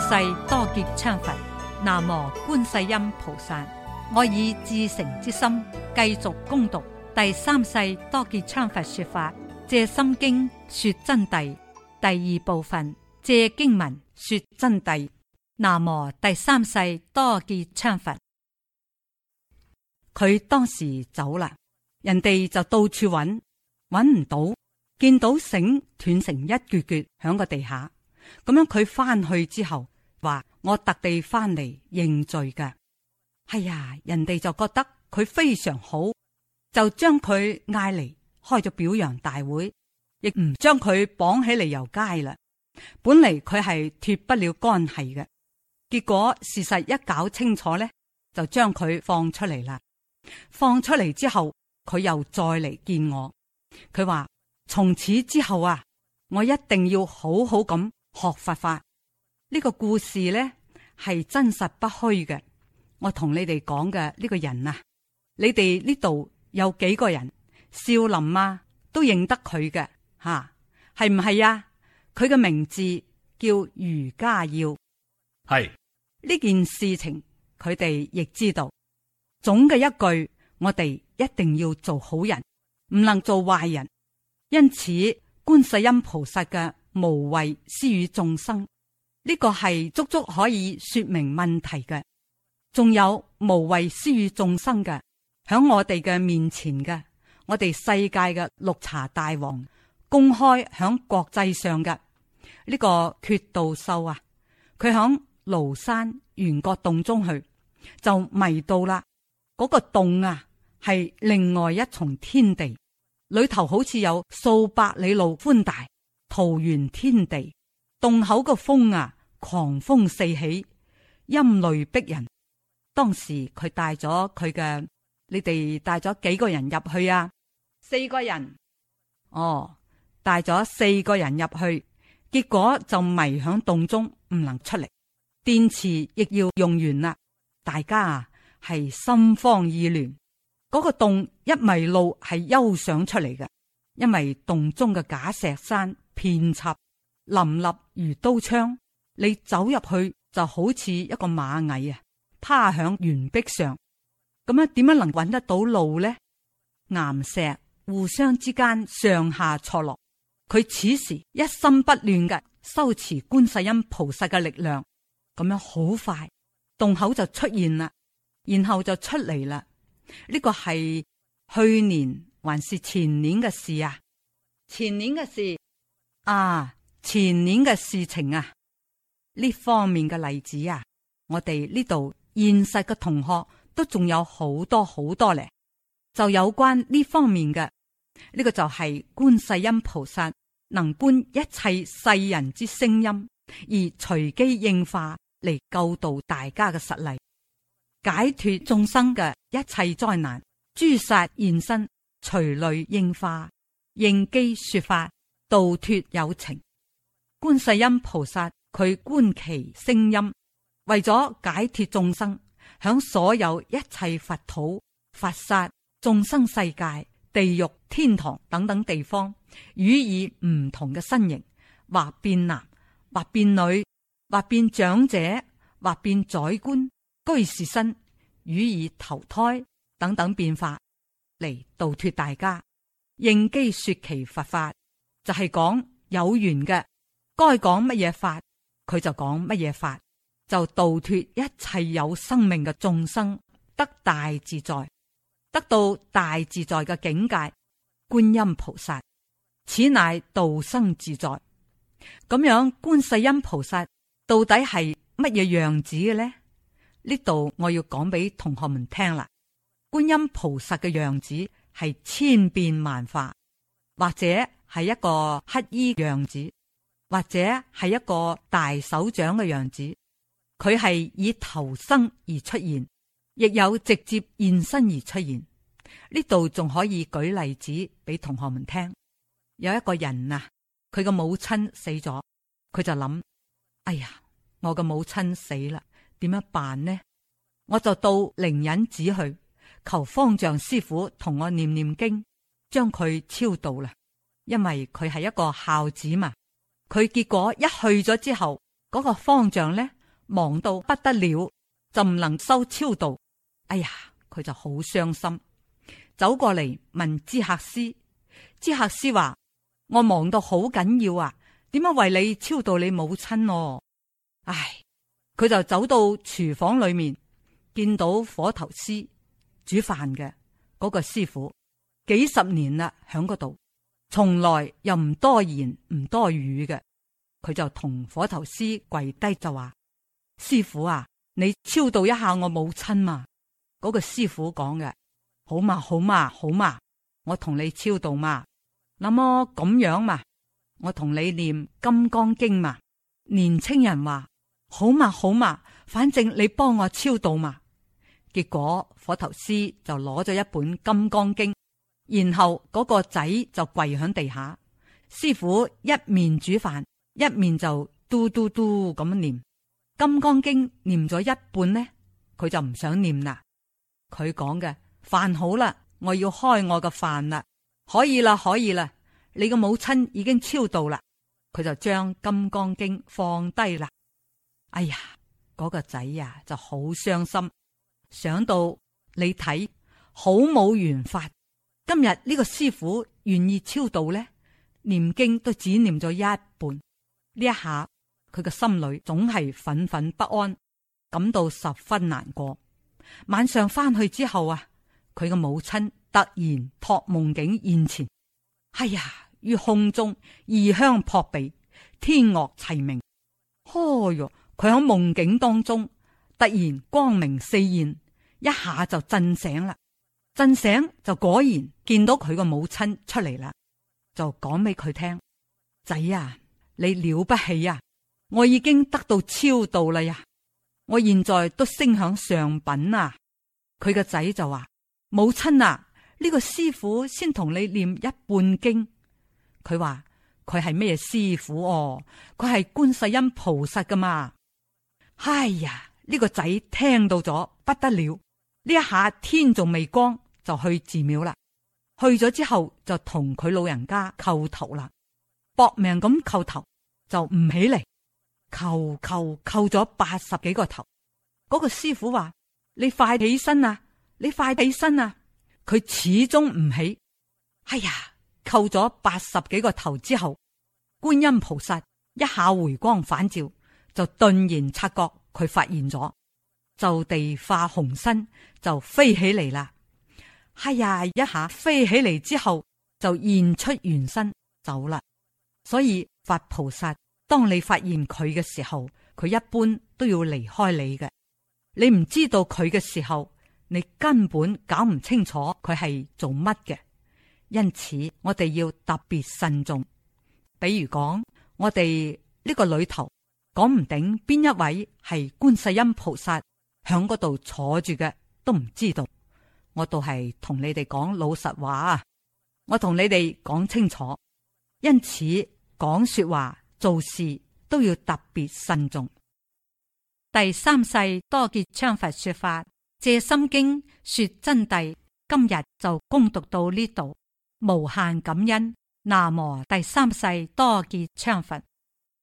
世多杰羌佛，南無觀世音菩薩。我以至誠之心繼續攻讀第三世多杰羌佛說法，藉心經說真諦第二部分，藉經文說真諦。南無第三世多杰羌佛，佢當時走啦，人哋就到處搵，搵唔到，見到繩斷成一橛橛響個地下，咁樣佢返去之後。話我特地翻嚟認罪嘅，係、哎、呀，人哋就覺得佢非常好，就將佢嗌嚟開咗表揚大會，亦唔將佢綁起嚟遊街啦。本嚟佢係脫不了干係嘅，結果事實一搞清楚咧，就將佢放出嚟啦。放出嚟之後，佢又再嚟見我，佢話從此之後啊，我一定要好好咁學佛法。呢個故事咧，係真實不虛嘅。我同你哋講嘅呢個人啊，你哋呢度有幾個人少林啊，都認得佢嘅吓，係唔係啊？佢嘅、啊、名字叫瑜家耀。係呢是件事情，佢哋亦知道。總嘅一句，我哋一定要做好人，唔能做壞人。因此，觀世音菩薩嘅無畏施予眾生。呢個係足足可以說明問題嘅，仲有無畏施與眾生嘅，響我哋嘅面前嘅，我哋世界嘅綠茶大王公開響國際上嘅呢，這個絕道秀啊，佢響廬山圓角洞中去就迷到啦，嗰，那個洞啊係另外一重天地，裏頭好似有數百里路寬大桃源天地。洞口個風啊，狂風四起，陰雷逼人。當時佢帶咗佢嘅，你哋帶咗幾個人入去啊？四個人。哦，帶咗四個人入去，結果就迷響洞中，唔能出嚟。電池亦要用完啦。大家啊，係心慌意亂。嗰個洞一迷路係休想出嚟嘅，因為洞中嘅假石山遍插，林立如刀槍，你走入去就好似一個螞蟻啊，趴響圓壁上，咁樣點樣能搵得到路呢？岩石互相之間上下錯落，佢此時一心不亂嘅修持觀世音菩薩嘅力量，咁樣好快，洞口就出現啦，然後就出嚟啦。呢個係去年還是前年嘅事啊？前年嘅事啊！前年嘅事情啊，呢方面嘅例子啊，我哋呢度現實嘅同學都仲有好多好多咧。就有關呢方面嘅呢、呢個就係觀世音菩薩能觀一切世人之聲音而隨機應化嚟救度大家嘅實例，解脱眾生嘅一切災難，諸剎現身，隨類應化，應機說法，度脫有情。觀世音菩薩佢觀其聲音，為咗解脱眾生，響所有一切佛土、佛剎、眾生世界、地獄、天堂等等地方，予以唔同嘅身形，或變男，或變女，或變長者，或變宰官、居士身，予以投胎等等變化嚟度脱大家，應機說其佛法，就係、是、講有緣嘅。該講乜嘢法，佢就講乜嘢法，就度脱一切有生命嘅眾生得大自在，得到大自在嘅境界。觀音菩薩，此乃度生自在。咁樣觀世音菩薩到底係乜嘢樣子嘅呢？呢度我要講俾同學們聽啦。觀音菩薩嘅樣子係千變萬化，或者係一個乞衣樣子。或者係一個大手掌嘅樣子，佢係以投生而出現，亦有直接現身而出現。呢度仲可以舉例子俾同學們聽。有一個人啊，佢個母親死咗，佢就諗：哎呀，我嘅母親死啦，點樣辦呢？我就到靈隱寺去求方丈師傅同我念念經，將佢超度啦。因為佢係一個孝子嘛。佢結果一去咗之後，嗰個方丈咧忙到不得了，就唔能收超度。哎呀，佢就好傷心，走過嚟問知客師，知客師話：我忙到好緊要啊，點樣為你超度你母親、啊？唉，佢就走到廚房裏面，見到火頭師煮飯嘅嗰個師傅，幾十年啦，響嗰度。從來又唔多言唔多語嘅，佢就同火頭師跪低就話：師傅啊，你超度一下我母親嘛。嗰、那個師傅講嘅好嘛好嘛好嘛，我同你超度嘛。那麼咁樣嘛，我同你念金剛經嘛。年青人話好嘛好嘛，反正你幫我超度嘛。結果火頭師就攞咗一本金剛經。然後嗰個仔就跪喺地下，師傅一面煮飯，一面就嘟嘟嘟咁樣念《金剛經》，念咗一半呢，佢就唔想念啦。佢講嘅飯好啦，我要開我嘅飯啦，可以啦，可以啦。你個母親已經超度啦，佢就將《金剛經》放低啦。哎呀，嗰個仔啊，就好傷心，想到你睇好冇緣法。今日呢、這個師傅願意超度呢，念經都只念咗一半，呢一下佢嘅心裏總係憤憤不安，感到十分難過。晚上翻去之後啊，佢嘅母親突然托夢境現前，哎呀，於空中異香撲鼻，天樂齊鳴。呵、哦、喲，佢喺夢境當中突然光明四現，一下就震醒啦。震醒就果然見到佢個母親出嚟啦，就講俾佢聽：仔啊，你了不起啊！我已經得到超度啦呀，我現在都升響上品啊！佢個仔就話：母親啊，呢個師傅先同你念一半經。佢話佢係咩師傅哦、啊？佢係觀世音菩薩噶嘛？哎呀，呢個仔聽到咗不得了，呢一下天仲未光。就去寺廟啦，去咗之後就同佢老人家叩頭啦，搏命咁叩頭就唔起嚟，叩叩叩咗八十幾個頭，嗰個師傅話：你快起身啊！你快起身啊！佢始終唔起，哎呀，叩咗八十幾個頭之後，觀音菩薩一下回光返照，就頓然察覺佢發現咗，就地化紅身就飛起嚟啦。哎呀！一下飛起嚟之後就現出原身走啦。所以，佛菩薩當你發現佢嘅時候，佢一般都要離開你嘅。你唔知道佢嘅時候，你根本搞唔清楚佢係做乜嘅。因此，我哋要特別慎重。比如講，我哋呢個裏頭講唔定邊一位係觀世音菩薩響嗰度坐住嘅，都唔知道。我倒係同你哋講老實話啊，我同你哋講清楚，因此講說話、做事都要特別慎重。第三世多杰羌佛說法，借心經說真諦，今日就恭讀到呢度，無限感恩。那麼第三世多杰羌佛。